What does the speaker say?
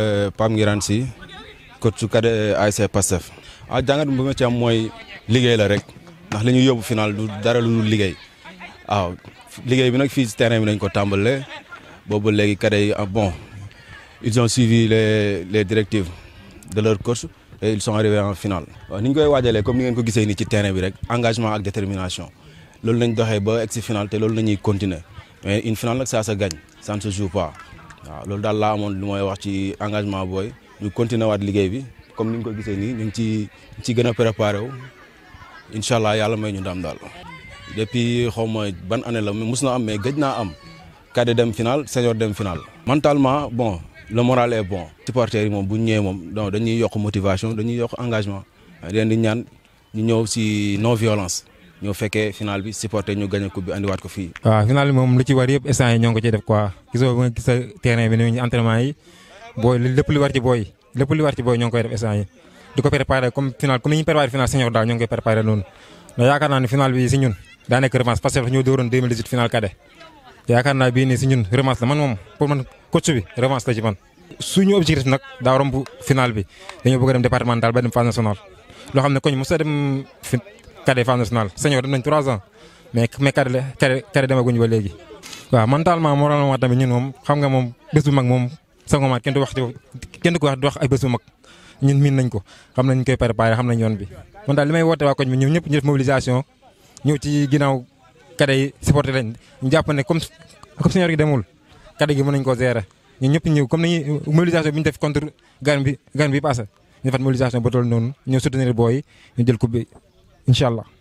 Euh, Pam Ngiraan si coach su cadets ASC Pastef ah jàngat bi ma ci am mooy liggéey la rek ndax li ñu yóbbu final du dara lu liggéey waaw ah, liggéey bi nag fii si terrain bi nañ ko tàmbale boobu léegi cadets yi ah, bon ils ont suivi les les directives de leur coach et ils sont arrivés en finale. ni ñu koy waajalee comme ni ngeen ko gisee nii ci terrain bi rek engagement ak détermination loolu lañ doxee ba egg si te loolu la ñuy continuer mais une finale nag ça se gagne ça ne se joue pas waaw loolu daal laa amoon lu mooy wax ci engagement booy ñu continuer waat liggéey bi comme ni ñu ko gisee nii ñu ngi ci ci gën a préparé wu incha allah yàlla mooy ñu ndam daal. depuis xaw ma ban année la mus na am mais gëj naa am cadet dem finale senior dem finale. mentalement bon. le moral est bon supporters yi moom bu ñu ñëwee moom donc dañuy yokk motivation dañuy yokk engagement leen di ñaan non violence ñoo fekkee final bi supporter ñu gagné coupe bi andiwaat ko fii. waaw final booy ñoo koy def instant di ko préparé comme final comme ñu préparé final senior daal ñoo koy préparé noonu ndax yaakaar naa ne final bi si ñun daa nekk revanche parce ñoo dooroon 2018 final cadet yaakaar naa bii nii si ñun revanche la man moom pour man coach bi revanche la ci man. suñu objectif nag daa romb final bi dañoo bëgg a dem départemental ba dem phase nationale loo xam ne koñ a dem fi cadet phase nationale senior dem nañ 3 ans mais ba moom xam mag moom sangomaat kenn du wax du wax ay bés ñun miin nañ ko xam nañ ñu koy préparé xam nañ yoon bi. man daal li may woote waa koñ bi ñëpp ñu def mobilisation ñëw ci ginnaaw. kade yi supporté lañ ñu jàpp ne comme comme senior gi demul kade gi mën nañu koo gérer ñun ñëpp ñëw comme nañu mobilisation bi ñu def contre gan bi gan bi passé ñu defaat mobilisation ba toll noonu ñëw soutenir booy ñu jël coupe bi incha allah